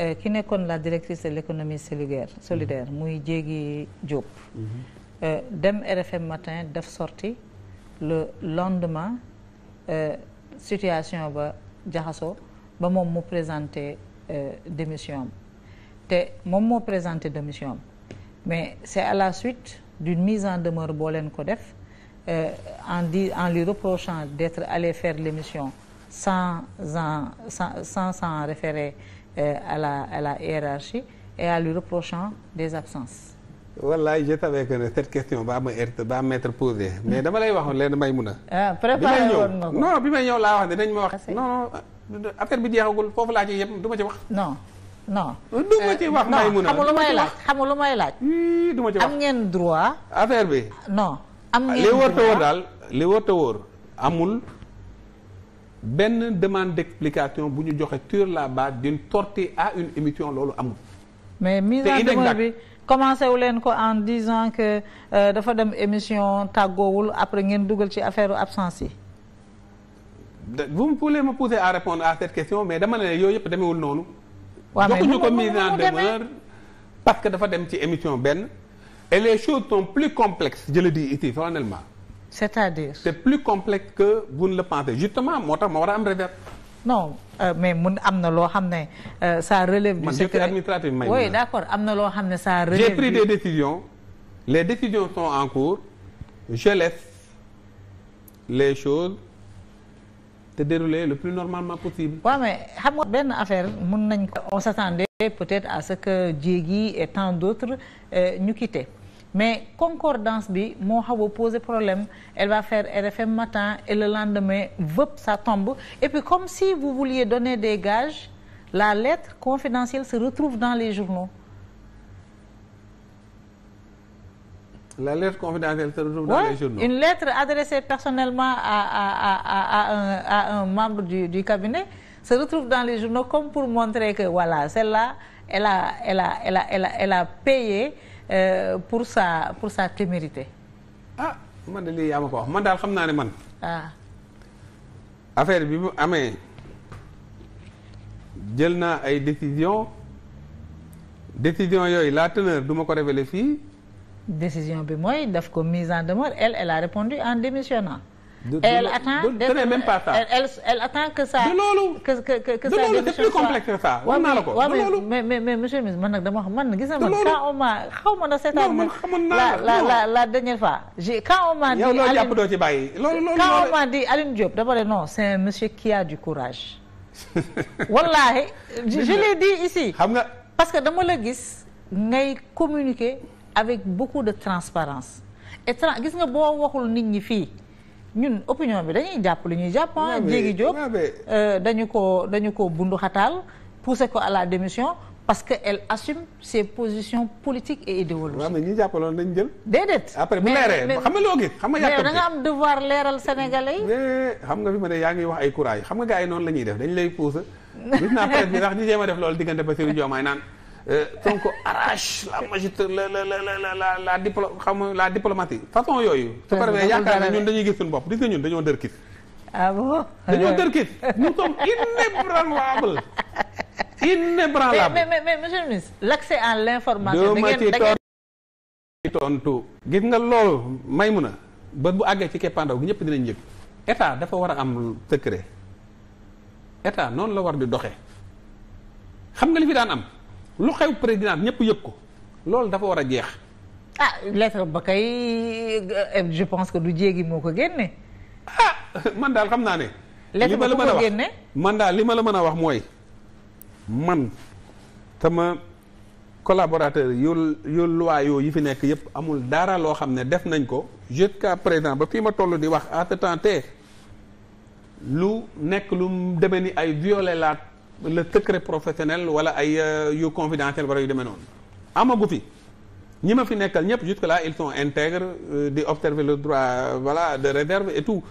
Eh, ki nekkoon la directrice de l' solidaire mm-hmm. muy Diégui Diop. Mm-hmm. Eh, dem RFM matin def sorti le lendemain euh, situation ba jaxasoo ba moom mu présenté euh, démission am te moom moo présenté démission am mais c' est à la suite d'une mise en demeure boo leen ko def eh, en di en lui reprochant d' être allé faire l' émission sans san sans sans s'en référer euh, la à la hiérarchie et à lui reprochant des absences. wallaay je savais que cette question baa ma être baa m'être posée mais dama lay waxoon leen may mun a. ah préparé woon non bi may ñëw laa wax ne dañ ma wax. non affaire bi jeexagul foofu laa ci yem du ma ci wax. non non. du ma ci wax euh, may mun a xamul lu may laaj xamul lu may laaj. ma ci am ngeen droit. affaire bi. non am ngeen droit amul. benn demande d'explication bu ñu joxe sur la base d'une tortille à une émission loolu amul. mais mise en demeure bi commencé wu leen ko en disant que euh, dafa dem émission tàggoowul après ngeen dugal ci affaire absence yi. vous me pouvez me pousser à répondre à cette dama ne yooyu yëpp demewul noonu. waaw ñu joxuñu ko mise en demeure parce que dafa dem ci émission benn. et les choses sont plus complexes di le dis ici solennellement c'est-à-dire. c'est plus complexe que vous ne le pensez justement moo tax moo war a am réserve. non euh, mais mun am na loo xam ne sa euh, relève. du secret administratif may oui d'accord am na loo xam ne ça relève. j'ai pris des décisions les décisions sont en cours je laisse les te dérouler le plus normalement possible. waaw ouais, mais xam nga benn affaire mun nañ ko on s'attendait peut-être à ce que Diegui et tant d'autres euh, ñu euh, quittent. mais concordance bi moo xaw a poser problème elle va faire RFM matin et le lendemain vëpp ça tombe et puis comme si vous vouliez donner des gages la lettre confidentielle se retrouve dans les journaux la lettre confidentielle se retrouve ouais, dans les journaux une lettre adressée personnellement à à à à, à, un, à un membre du du cabinet se retrouve dans les journaux comme pour montrer que voilà celle la elle a elle a elle a elle a elle euh, pour sa pour sa témérité. ah man de lii yaa man daal xam naa ne man. ah. affaire bi mu amee jël naa ay décision décision yooyu la teneur duma ko révéler fii. décision bi mooy daf ko mise en demeure el elle a répondu en démissionnant. elle attend ce n'est même pas ça que ça. loolu que plus complexe que ça. naa la ko loolu mais mais mais monsieur le ministre man nag dama xam man gis na man quand on m'a xaw ma na seetaan man la la la la dernière m'a a du courage. wallaahi je l'ai ici. xam nga parce que dama la gis ngay communiquer avec beaucoup de transparence et gis nga boo waxul nit ñi fii. ñun opinion bi dañuy jàpp lu ñuy jàpp ah. Diégui Diop euh, dañu ko dañu ko bundu xataal poussé ko à la démission parce que elle assume ses positions politiques et idéologiques. waaw mais ñi jàppaloon dañ jël. déedéet après bu leeree xam nga loo gis. xam nga yàkkamti da am devoir leeral sénégalais yi. xam nga fi ma ne yaa ngi wax ay courage xam nga gars yi noonu la ñuy def dañu lay pousse. gis naa peut-être bi ndax ñu jéem a def loolu diggante Bassirou Diomaye naan. Euh, Sonko arrache la magister la la la la la diplo xam la diplomatie façon yooyu. su ko yaakaar ne ñun dañuy gis suñu bopp gis nga ñun dañoo dërkis. ah bon dañoo dërkis nous sommes inébranlables. inébranlables mais mais mais monsieur le ministre. l' accès à l' information. may mun a ba bu àggee ci keppaandaw gi ñëpp dinañ yëg état dafa war a am secret état noonu la war di doxee xam nga li fi daan am. lu xew président ñëpp yëg ko loolu dafa war a jeex. ah lettre ba kay euh, je pense que du jéegi moo ko génne. ah man daal xam naa ne. li ma mën a wax man daal li ma la mën a wax mooy man sama collaborateur yu yu loi yooyu yi fi nekk yëpp amul dara loo xam ne def nañ ko jusqu'à président ba fii ma toll di wax à ce temps te lu nekk lu demee ni ay violer la le secret professionnel wala ay euh, yu confidentiel wala yu demee noonu amagu fi ñi ma fi nekkal ñëpp jusque là ils sont intègres euh, di observer le droit euh, voilà de réserve et tout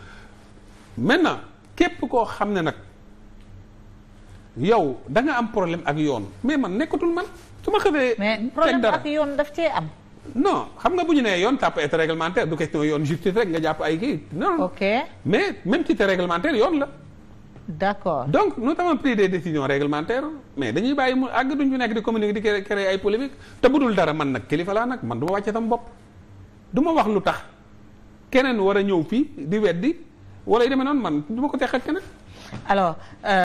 maintenant képp koo xam ne nag yow da nga am problème ak yoon mais man nekkatul man su ma xëfee mais problème ak yoon daf cee am non xam nga bu ñu nee yoon ça peut être réglementaire du question yoon justice rek nga jàpp ay kii non ok mais même si c'est réglementaire yoon la d'accord donc nous avons pris des décisions réglementaires mais dañuy bàyyi mu àgg duñ fi nekk di communiquer di créer ay polémique te bu dul dara man nag kilifa laa nag man du ma wàcce sama bopp du ma wax lu tax keneen war a ñëw fii di weddi wala yu demee noonu man du ma ko teq ak keneen alors. Euh,